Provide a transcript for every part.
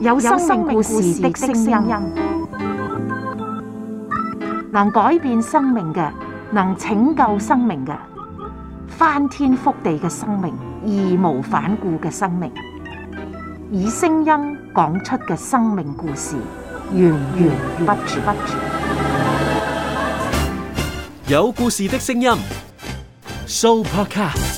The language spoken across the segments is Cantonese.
有生命故事的聲音，能改變生命嘅，能拯救生命嘅，翻天覆地嘅生命，義無反顧嘅生命，以聲音講出嘅生命故事，源源不絕。有故事的聲音，Soupercast。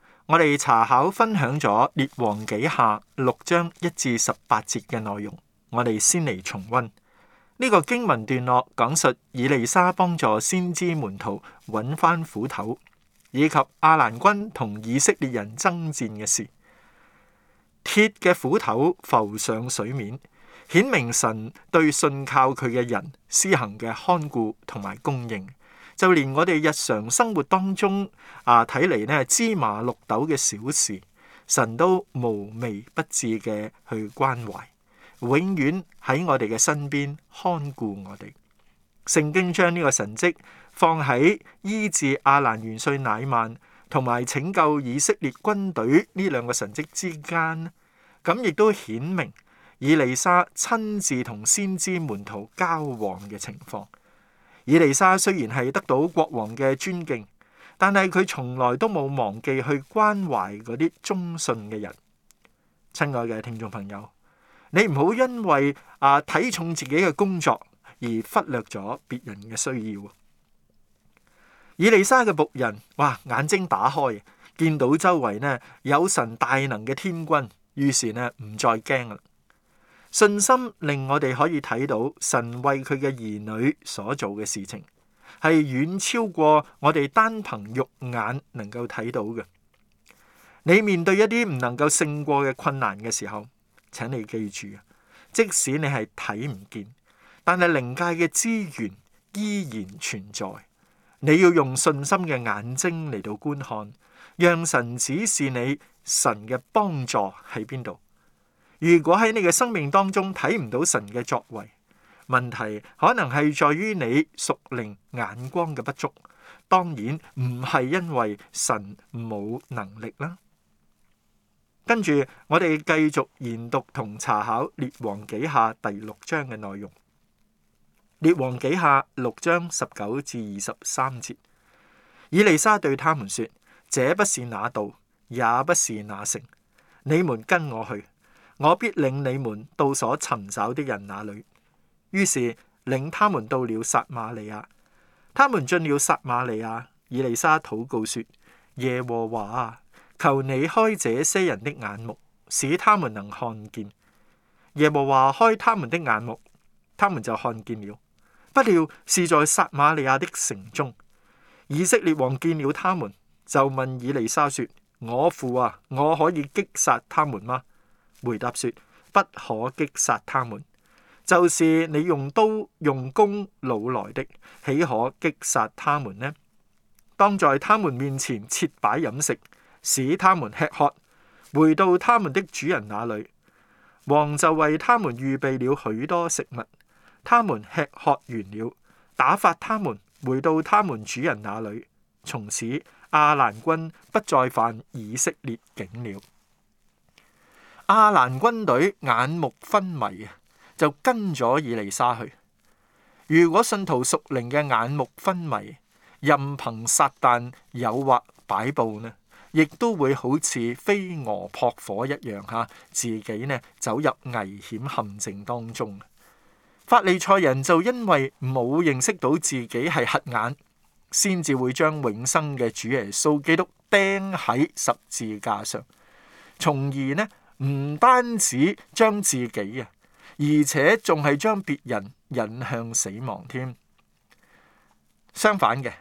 我哋查考分享咗列王紀下六章一至十八節嘅內容，我哋先嚟重溫呢、這個經文段落，講述以利沙幫助先知門徒揾翻斧頭，以及亞蘭軍同以色列人爭戰嘅事。鐵嘅斧頭浮上水面，顯明神對信靠佢嘅人施行嘅看顧同埋供應。就連我哋日常生活當中啊，睇嚟咧，芝麻綠豆嘅小事，神都無微不至嘅去關懷，永遠喺我哋嘅身邊看顧我哋。聖經將呢個神跡放喺醫治亞蘭元帥乃曼同埋拯救以色列軍隊呢兩個神跡之間，咁亦都顯明以利沙親自同先知門徒交往嘅情況。以利沙雖然係得到國王嘅尊敬，但係佢從來都冇忘記去關懷嗰啲忠信嘅人。親愛嘅聽眾朋友，你唔好因為啊睇重自己嘅工作而忽略咗別人嘅需要。以利沙嘅僕人，哇，眼睛打開，見到周圍呢有神大能嘅天君，於是呢唔再驚啦。信心令我哋可以睇到神為佢嘅兒女所做嘅事情，係遠超過我哋單憑肉眼能夠睇到嘅。你面對一啲唔能夠勝過嘅困難嘅時候，請你記住，即使你係睇唔見，但係靈界嘅資源依然存在。你要用信心嘅眼睛嚟到觀看，讓神指示你神嘅幫助喺邊度。如果喺你嘅生命當中睇唔到神嘅作為，問題可能係在於你熟靈眼光嘅不足，當然唔係因為神冇能力啦。跟住我哋繼續研讀同查考列王紀下第六章嘅內容。列王紀下六章十九至二十三節，以利沙對他們說：這不是那道，也不是那城，你們跟我去。我必領你們到所尋找的人那裡。於是領他們到了撒瑪利亞。他們進了撒瑪利亞，以利沙禱告說：耶和華啊，求你開這些人的眼目，使他們能看見。耶和華開他們的眼目，他們就看見了。不料是在撒瑪利亞的城中，以色列王見了他們，就問以利沙說：我父啊，我可以擊殺他們嗎？回答說：不可擊殺他們，就是你用刀用弓擄來的，豈可擊殺他們呢？當在他們面前設擺飲食，使他們吃喝，回到他們的主人那裏。王就為他們預備了許多食物，他們吃喝完了，打發他們回到他們主人那裏。從此，亞蘭軍不再犯以色列境了。亞蘭軍隊眼目昏迷啊，就跟咗以利沙去。如果信徒屬靈嘅眼目昏迷，任憑撒旦誘惑擺布呢，亦都會好似飛蛾撲火一樣，吓自己呢走入危險陷阱當中。法利賽人就因為冇認識到自己係瞎眼，先至會將永生嘅主耶穌基督釘喺十字架上，從而呢。唔單止將自己啊，而且仲係將別人引向死亡添。相反嘅，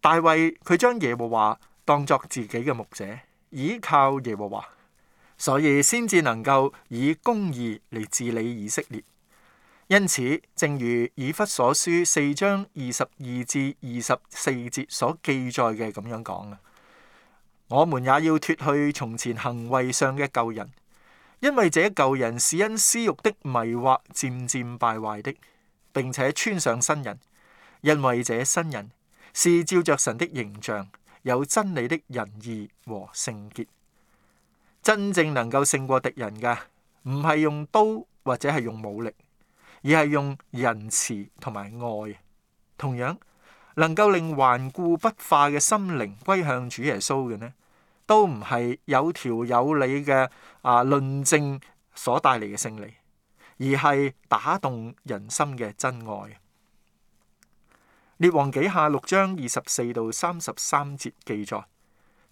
大衛佢將耶和華當作自己嘅牧者，依靠耶和華，所以先至能夠以公義嚟治理以色列。因此，正如以弗所書四章二十二至二十四節所記載嘅咁樣講啊，我們也要脫去從前行為上嘅舊人。因為這舊人是因私欲的迷惑漸漸敗壞的，並且穿上新人。因為這新人是照着神的形象，有真理的仁義和聖潔。真正能夠勝過敵人噶，唔係用刀或者係用武力，而係用仁慈同埋愛。同樣能夠令頑固不化嘅心靈歸向主耶穌嘅呢？都唔係有條有理嘅啊，論證所帶嚟嘅勝利，而係打動人心嘅真愛。列王紀下六章二十四到三十三節記載：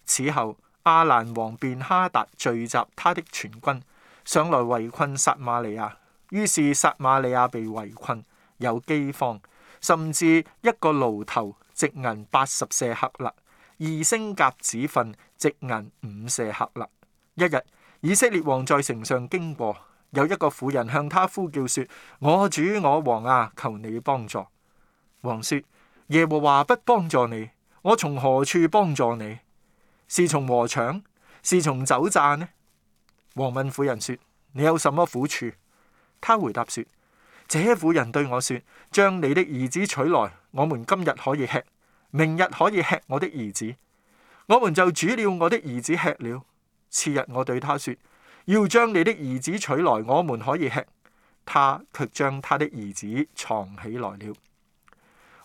此後阿蘭王便哈達聚集他的全軍上來圍困撒馬利亞，於是撒馬利亞被圍困，有饑荒，甚至一個爐頭值銀八十舍克勒，二升鴿子份。直硬五射克勒。一日，以色列王在城上經過，有一個婦人向他呼叫說：我主我王啊，求你幫助。王說：耶和華不幫助你，我從何處幫助你？是從禾場，是從酒棧呢？王問婦人說：你有什麼苦處？他回答說：這婦人對我說：將你的兒子取來，我們今日可以吃，明日可以吃我的兒子。我們就煮了我的兒子吃了。次日我對他說：要將你的兒子取來，我們可以吃。他卻將他的兒子藏起來了。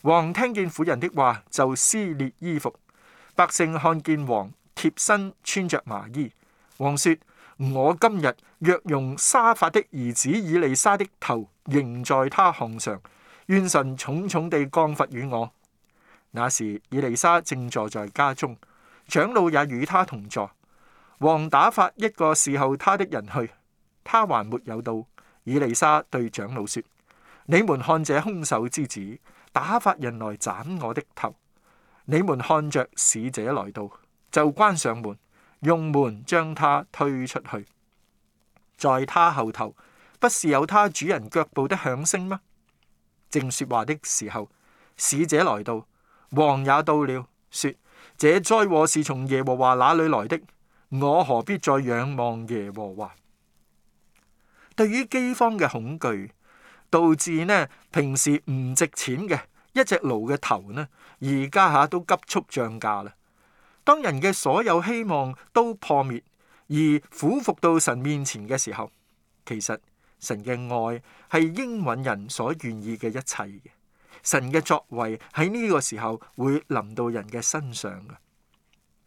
王聽見婦人的話，就撕裂衣服。百姓看見王貼身穿着麻衣。王說：我今日若用沙法的兒子以利沙的頭，仍在他項上，願神重重地降罰於我。那時以利沙正坐在家中。長老也與他同坐，王打發一個侍候他的人去，他還沒有到。以利沙對長老說：你們看這兇手之子，打發人來斬我的頭。你們看着使者來到，就關上門，用門將他推出去。在他後頭不是有他主人腳步的響聲嗎？正說話的時候，使者來到，王也到了，說。這災禍是從耶和華那裏來的，我何必再仰望耶和華？對於饑荒嘅恐懼，導致呢，平時唔值錢嘅一隻驢嘅頭呢，而家下都急速漲價啦。當人嘅所有希望都破滅，而俯伏到神面前嘅時候，其實神嘅愛係應允人所願意嘅一切嘅。神嘅作為喺呢個時候會臨到人嘅身上嘅。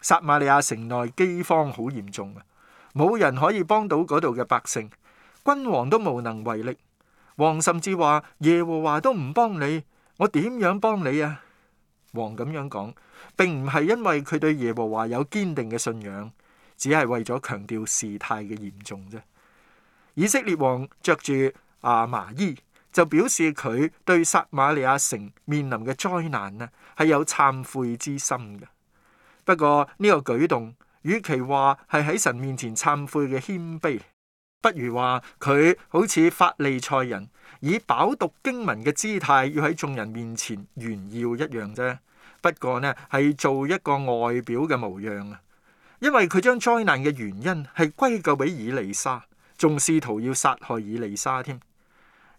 撒瑪利亞城內饑荒好嚴重嘅，冇人可以幫到嗰度嘅百姓，君王都無能為力。王甚至話：耶和華都唔幫你，我點樣幫你啊？王咁樣講並唔係因為佢對耶和華有堅定嘅信仰，只係為咗強調事態嘅嚴重啫。以色列王着住亞麻衣，就表示佢對撒瑪利亞城面臨嘅災難啊，係有懺悔之心嘅。不過呢個舉動，與其話係喺神面前懺悔嘅謙卑，不如話佢好似法利賽人以飽讀經文嘅姿態，要喺眾人面前炫耀一樣啫。不過呢，係做一個外表嘅模樣啊，因為佢將災難嘅原因係歸咎俾以利沙，仲試圖要殺害以利沙添。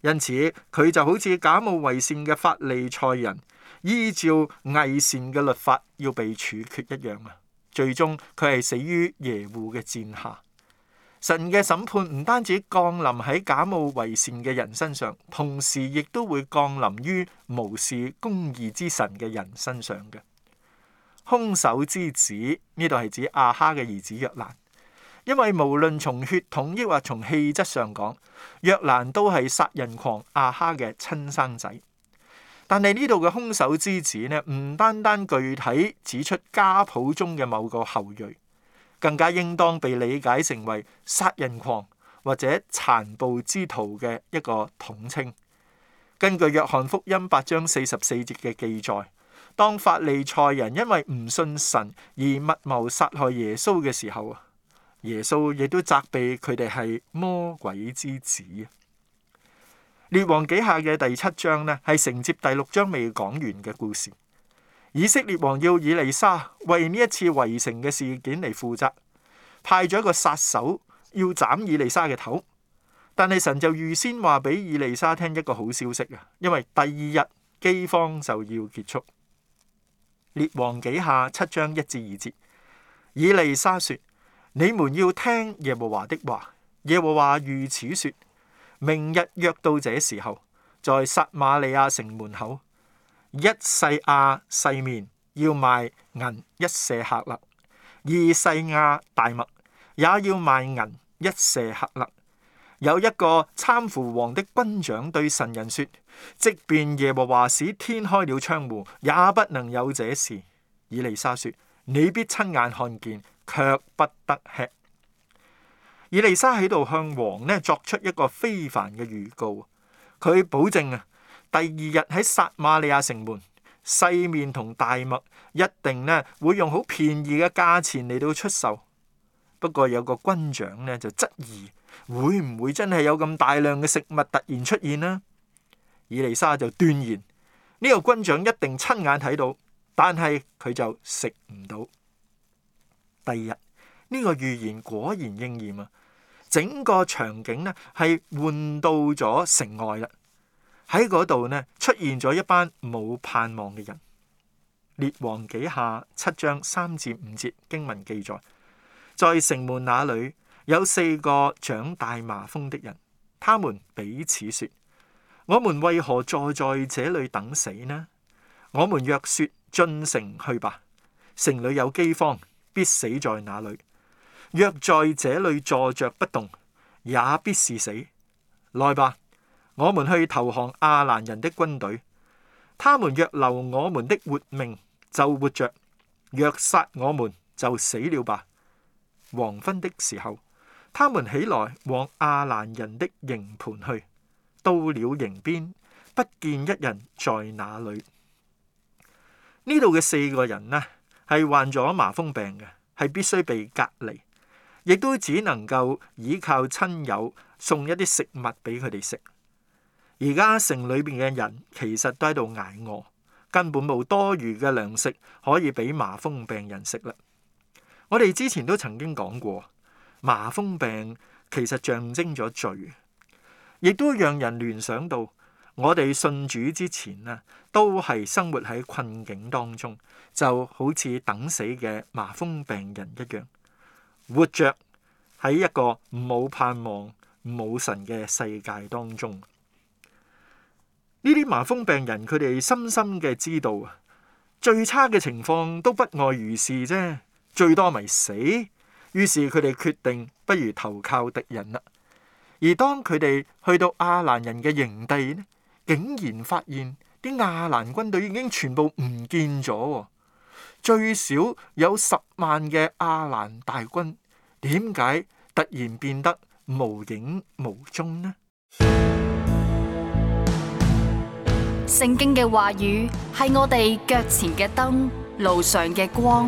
因此，佢就好似假冒為善嘅法利賽人，依照偽善嘅律法要被處決一樣啊！最終佢係死於耶戶嘅戰下。神嘅審判唔單止降臨喺假冒為善嘅人身上，同時亦都會降臨於無視公義之神嘅人身上嘅。凶手之子呢度係指亞哈嘅兒子約蘭。因為無論從血統抑或從氣質上講，約蘭都係殺人狂阿哈嘅親生仔。但係呢度嘅凶手之子呢，唔單單具體指出家譜中嘅某個後裔，更加應當被理解成為殺人狂或者殘暴之徒嘅一個統稱。根據約翰福音八章四十四節嘅記載，當法利賽人因為唔信神而密謀殺害耶穌嘅時候啊。耶穌亦都責備佢哋係魔鬼之子。列王紀下嘅第七章呢，係承接第六章未講完嘅故事。以色列王要以利沙為呢一次圍城嘅事件嚟負責，派咗一個殺手要斬以利沙嘅頭。但係神就預先話俾以利沙聽一個好消息啊！因為第二日饑荒就要結束。列王紀下七章一至二節，以利沙說：你們要聽耶和華的話，耶和華如此說：明日約到這時候，在撒瑪利亞城門口，一細亞細麵要賣銀一舍客勒，二細亞大麥也要賣銀一舍客勒。有一個攙扶王的軍長對神人說：即便耶和華使天開了窗戶，也不能有這事。以利沙說：你必親眼看見。卻不得吃。以利沙喺度向王呢作出一個非凡嘅預告，佢保證啊，第二日喺撒馬利亞城門細麵同大麥一定呢會用好便宜嘅價錢嚟到出售。不過有個軍長呢就質疑，會唔會真係有咁大量嘅食物突然出現呢？以利沙就斷言，呢、這個軍長一定親眼睇到，但係佢就食唔到。第二日呢，這個預言果然應驗啊！整個場景呢，係換到咗城外啦。喺嗰度呢，出現咗一班冇盼望嘅人。列王幾下七章三至五節經文記載，在城門那裏有四個長大麻風的人，他們彼此說：我們為何坐在這裏等死呢？我們若說進城去吧，城裏有饑荒。必死在那裏。若在這裏坐着不動，也必是死。來吧，我們去投降亞蘭人的軍隊。他們若留我們的活命，就活着；若殺我們，就死了吧。黃昏的時候，他們起來往亞蘭人的營盤去。到了營邊，不見一人在那裏。呢度嘅四個人呢？係患咗麻風病嘅，係必須被隔離，亦都只能夠依靠親友送一啲食物俾佢哋食。而家城裏邊嘅人其實都喺度挨餓，根本冇多餘嘅糧食可以俾麻風病人食啦。我哋之前都曾經講過，麻風病其實象徵咗罪，亦都讓人聯想到。我哋信主之前呢，都係生活喺困境當中，就好似等死嘅麻風病人一樣，活着喺一個冇盼望冇神嘅世界當中。呢啲麻風病人佢哋深深嘅知道啊，最差嘅情況都不外如是啫，最多咪死。於是佢哋決定不如投靠敵人啦。而當佢哋去到亞蘭人嘅營地呢？竟然發現啲亞蘭軍隊已經全部唔見咗喎，最少有十萬嘅亞蘭大軍，點解突然變得無影無蹤呢？聖經嘅話語係我哋腳前嘅燈，路上嘅光。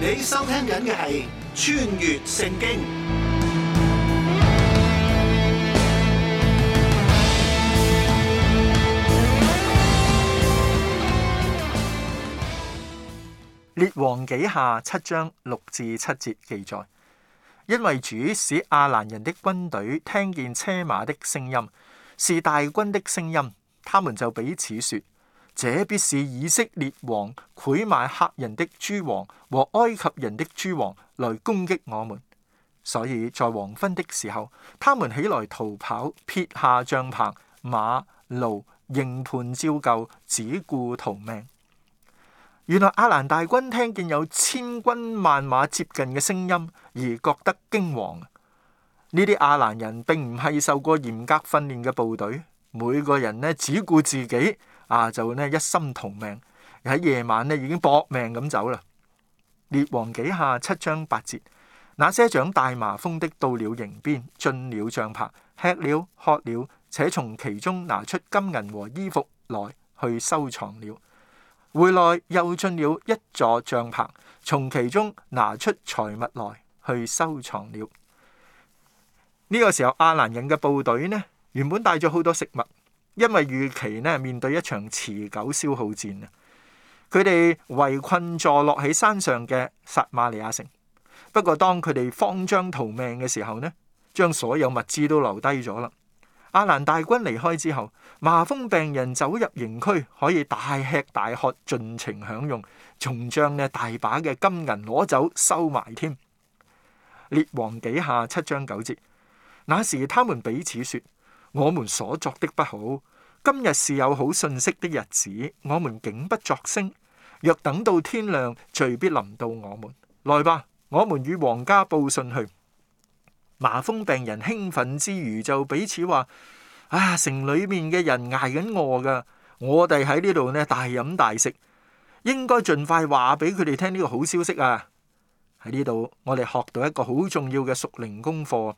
你收聽緊嘅係穿越聖經。列王紀下七章六至七節記載，因為主使亞蘭人的軍隊聽見車馬的聲音，是大軍的聲音，他們就彼此說：這必是以色列王、賄買赫人的諸王和埃及人的諸王來攻擊我們。所以在黃昏的時候，他們起來逃跑，撇下帳篷、馬、驢、營盤照舊，只顧逃命。原來阿蘭大軍聽見有千軍萬馬接近嘅聲音，而覺得驚惶。呢啲阿蘭人並唔係受過嚴格訓練嘅部隊，每個人呢，只顧自己，啊就呢一心同命，喺夜晚呢已經搏命咁走啦。列王紀下七章八節，那些長大麻風的到了營邊，進了帳棚，吃了喝了，且從其中拿出金銀和衣服來去收藏了。回來又進了一座帳篷，從其中拿出財物來去收藏了。呢、這個時候，亞蘭人嘅部隊呢，原本帶咗好多食物，因為預期呢，面對一場持久消耗戰啊，佢哋圍困坐落喺山上嘅撒馬利亞城。不過當佢哋慌張逃命嘅時候呢，將所有物資都留低咗啦。阿蘭大軍離開之後，麻風病人走入營區，可以大吃大喝，盡情享用，仲將呢大把嘅金銀攞走收埋添。列王紀下七章九節，那時他們彼此説：我們所作的不好，今日是有好信息的日子，我們竟不作聲。若等到天亮，罪必臨到我們。來吧，我們與王家報信去。麻風病人興奮之餘就彼此話：啊，城裏面嘅人挨緊餓噶，我哋喺呢度呢大飲大食，應該盡快話俾佢哋聽呢個好消息啊！喺呢度我哋學到一個好重要嘅屬靈功課。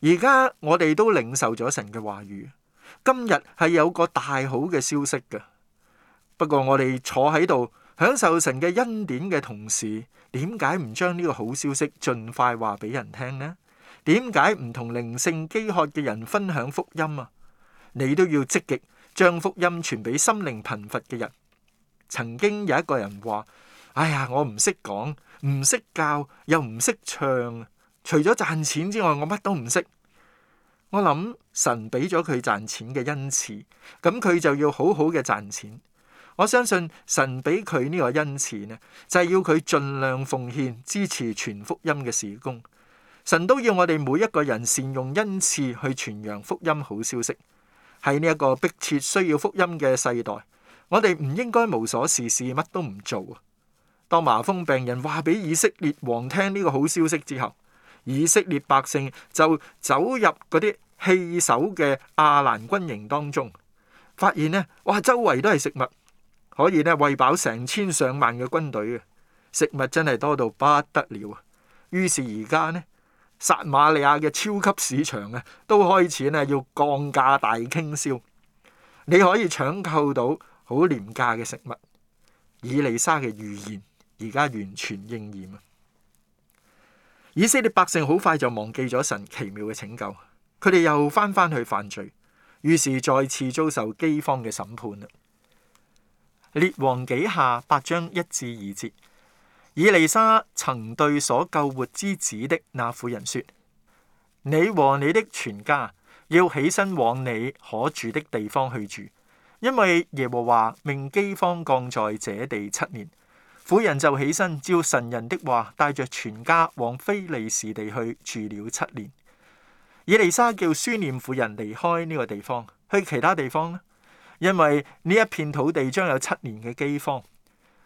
而家我哋都領受咗神嘅話語，今日係有個大好嘅消息噶。不過我哋坐喺度享受神嘅恩典嘅同時，點解唔將呢個好消息盡快話俾人聽呢？點解唔同靈性飢渴嘅人分享福音啊？你都要積極將福音傳俾心靈貧乏嘅人。曾經有一個人話：哎呀，我唔識講，唔識教，又唔識唱，除咗賺錢之外，我乜都唔識。我諗神俾咗佢賺錢嘅恩賜，咁佢就要好好嘅賺錢。我相信神俾佢呢個恩賜呢，就係要佢盡量奉獻支持全福音嘅事工。神都要我哋每一個人善用恩賜去傳揚福音好消息，喺呢一個迫切需要福音嘅世代，我哋唔應該無所事事，乜都唔做啊！當麻風病人話俾以色列王聽呢個好消息之後，以色列百姓就走入嗰啲棄守嘅亞蘭軍營當中，發現呢，哇，周圍都係食物，可以呢餵飽成千上萬嘅軍隊，食物真係多到不得了啊！於是而家呢？撒瑪利亞嘅超級市場啊，都開始咧要降價大傾銷，你可以搶購到好廉價嘅食物。以利沙嘅預言而家完全應驗啊！以色列百姓好快就忘記咗神奇妙嘅拯救，佢哋又翻返去犯罪，於是再次遭受饑荒嘅審判啦。列王紀下八章一至二節。以利沙曾對所救活之子的那婦人說：你和你的全家要起身往你可住的地方去住，因為耶和華命饑荒降在這地七年。婦人就起身照神人的話，帶着全家往非利士地去住了七年。以利沙叫書念婦人離開呢個地方，去其他地方啦，因為呢一片土地將有七年嘅饑荒。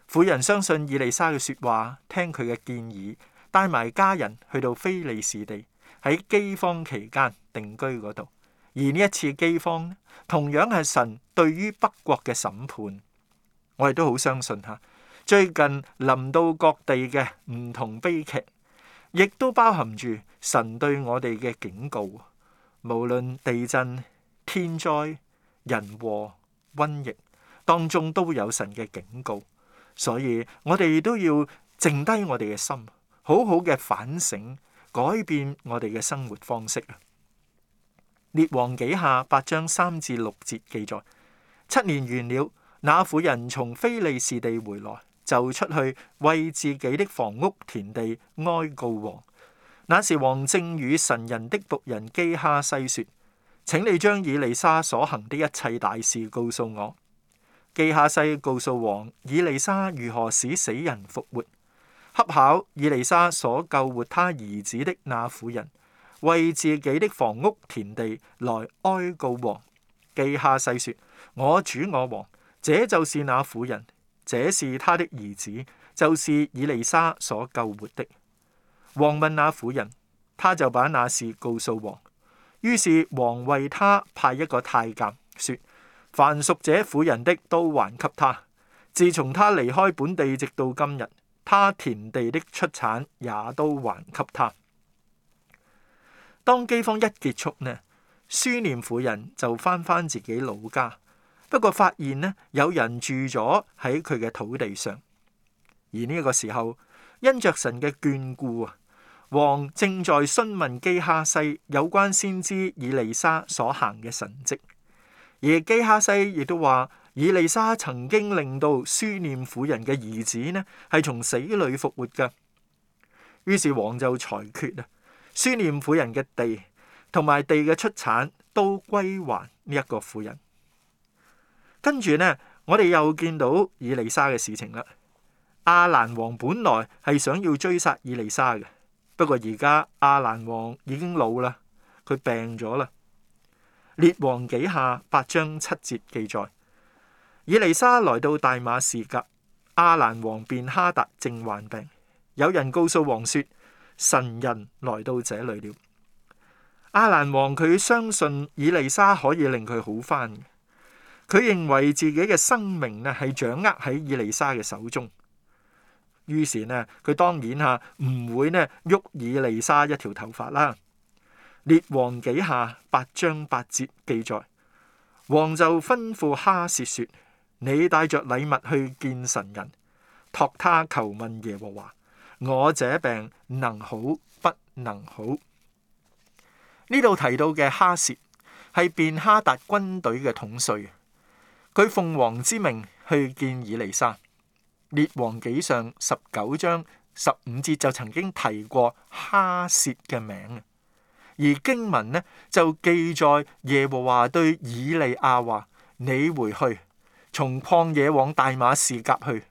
婦人相信以利沙嘅說話，聽佢嘅建議，帶埋家人去到非利士地，喺饑荒期間定居嗰度。而呢一次饑荒，同樣係神對於北國嘅審判。我亦都好相信吓，最近臨到各地嘅唔同悲劇，亦都包含住神對我哋嘅警告。無論地震、天災、人禍、瘟疫當中，都有神嘅警告。所以我哋都要靜低我哋嘅心，好好嘅反省，改變我哋嘅生活方式啊！列王紀下八章三至六節記載：七年完了，那婦人從非利士地回來，就出去為自己的房屋田地哀告王。那時王正與神人的僕人基哈西説：請你將以利沙所行的一切大事告訴我。記下世告訴王以利沙如何使死人復活。恰巧以利沙所救活他兒子的那婦人，為自己的房屋田地來哀告王。記下世說：我主我王，這就是那婦人，這是他的兒子，就是以利沙所救活的。王問那婦人，他就把那事告訴王。於是王為他派一個太監說。凡屬者婦人的都還給他。自從他離開本地，直到今日，他田地的出產也都還給他。當饑荒一結束呢，書念婦人就返返自己老家，不過發現呢有人住咗喺佢嘅土地上。而呢一個時候，因着神嘅眷顧啊，王正在詢問基哈西有關先知以利沙所行嘅神跡。而基哈西亦都話：以利沙曾經令到書念婦人嘅兒子呢，係從死裡復活嘅。於是王就裁決啊，書念婦人嘅地同埋地嘅出產都歸還呢一個婦人。跟住呢，我哋又見到以利沙嘅事情啦。亞蘭王本來係想要追殺以利沙嘅，不過而家亞蘭王已經老啦，佢病咗啦。列王紀下八章七節記載，以利沙來到大馬士革，阿蘭王便哈達正患病，有人告訴王說，神人來到這裏了。阿蘭王佢相信以利沙可以令佢好返，佢認為自己嘅生命呢係掌握喺以利沙嘅手中，於是呢，佢當然吓唔會呢喐以利沙一條頭髮啦。列王紀下八章八節記載，王就吩咐哈薛說：你帶着禮物去見神人，託他求問耶和華，我這病能好不能好？呢度提到嘅哈薛係便哈達軍隊嘅統帥，佢奉王之命去見以利沙。列王紀上十九章十五節就曾經提過哈薛嘅名。而經文咧就記載耶和華對以利亞話：你回去從曠野往大馬士革去，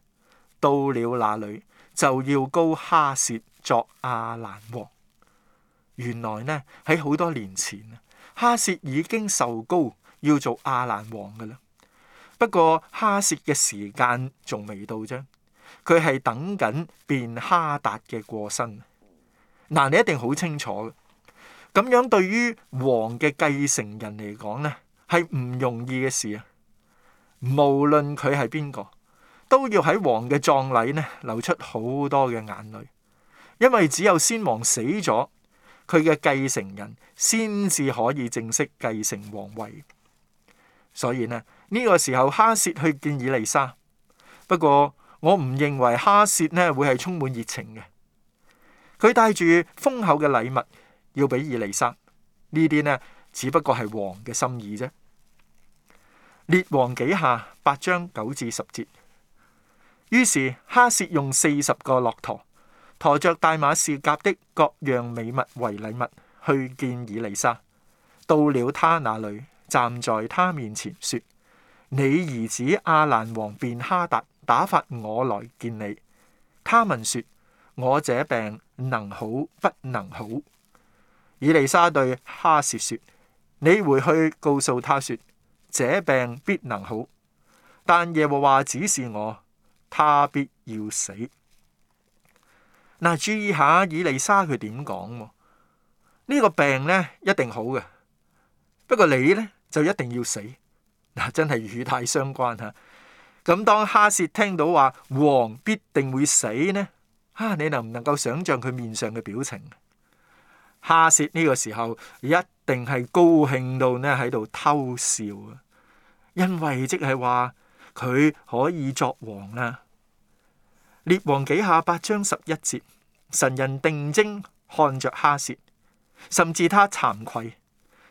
到了那裏就要膏哈薛作亞蘭王。原來咧喺好多年前啊，哈薛已經受膏要做亞蘭王噶啦，不過哈薛嘅時間仲未到啫，佢係等緊變哈達嘅過身。嗱，你一定好清楚。咁樣對於王嘅繼承人嚟講呢係唔容易嘅事啊。無論佢係邊個，都要喺王嘅葬禮咧流出好多嘅眼淚，因為只有先王死咗，佢嘅繼承人先至可以正式繼承王位。所以呢，呢個時候，哈涉去見以利沙。不過我唔認為哈涉咧會係充滿熱情嘅，佢帶住豐厚嘅禮物。要俾以利沙呢啲呢，只不過係王嘅心意啫。列王紀下八章九至十節。於是哈涉用四十個駱駝，馱着大馬士革的各樣美物為禮物去見以利沙。到了他那裡，站在他面前說：你兒子亞蘭王便哈達打發我來見你。他問說：我這病能好不能好？以利沙對哈薛說：你回去告訴他說，這病必能好，但耶和華指示我，他必要死。嗱，注意下，以利沙佢點講？呢個病咧一定好嘅，不過你咧就一定要死。嗱，真係與太相關吓。咁當哈薛聽到話王必定會死呢，啊，你能唔能夠想象佢面上嘅表情？哈薛呢個時候一定係高興到呢喺度偷笑啊！因為即係話佢可以作王啦，《列王紀下》八章十一節，神人定睛看着哈薛，甚至他慚愧，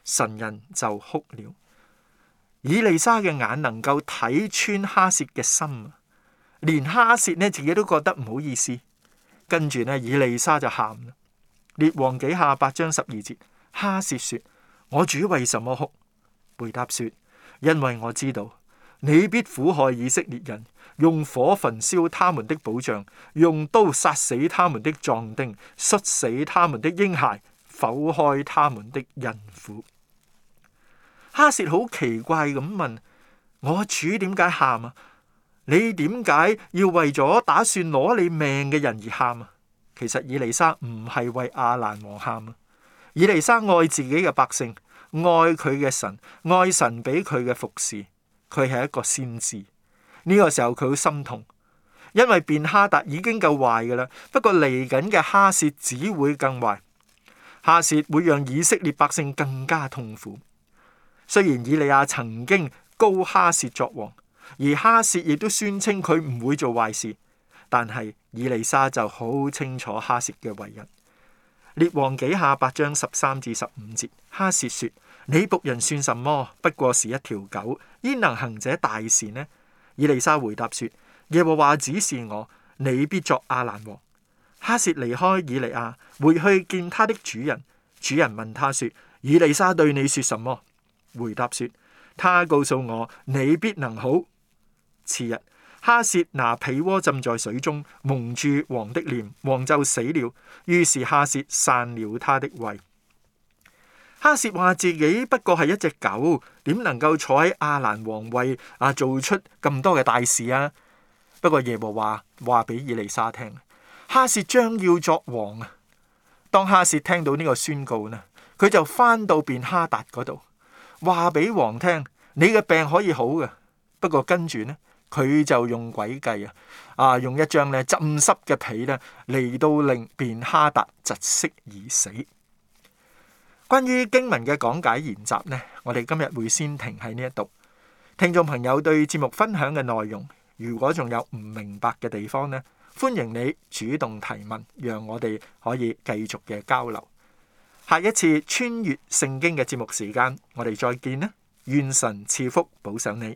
神人就哭了。以利沙嘅眼能夠睇穿哈薛嘅心，連哈薛呢自己都覺得唔好意思，跟住呢，以利沙就喊。列王記下八章十二節，哈薛說：我主為什麼哭？回答說：因為我知道你必苦害以色列人，用火焚燒他們的保障，用刀殺死他們的壯丁，摔死他們的嬰孩，剖開他們的孕婦。哈薛好奇怪咁問：我主點解喊啊？你點解要為咗打算攞你命嘅人而喊啊？其實以利沙唔係為亞蘭王喊啊！以利沙愛自己嘅百姓，愛佢嘅神，愛神俾佢嘅服侍，佢係一個先知。呢、呢個時候佢好心痛，因為便哈達已經夠壞嘅啦，不過嚟緊嘅哈薛只會更壞。哈薛會讓以色列百姓更加痛苦。雖然以利亞曾經高哈薛作王，而哈薛亦都宣稱佢唔會做壞事。但係以利沙就好清楚哈薛嘅為人。列王紀下八章十三至十五節，哈薛說：你僕人算什麼？不過是一條狗，焉能行者大事呢？以利沙回答說：耶和華指示我，你必作亞蘭王。哈薛離開以利亞，回去見他的主人。主人問他說：以利沙對你說什麼？回答說：他告訴我你必能好。次日。哈薛拿被窩浸在水中，蒙住王的臉，王就死了。於是哈薛散了他的位。哈薛話自己不過係一隻狗，點能夠坐喺亞蘭王位啊，做出咁多嘅大事啊？不過耶和華話俾以利沙聽，哈薛將要作王啊！當哈薛聽到呢個宣告呢，佢就返到便哈達嗰度，話俾王聽：你嘅病可以好嘅，不過跟住呢？佢就用詭計啊，啊，用一張咧浸濕嘅被咧嚟到令便哈達窒息而死。關於經文嘅講解研習呢，我哋今日會先停喺呢一度。聽眾朋友對節目分享嘅內容，如果仲有唔明白嘅地方呢，歡迎你主動提問，讓我哋可以繼續嘅交流。下一次穿越聖經嘅節目時間，我哋再見啦！願神賜福保守你。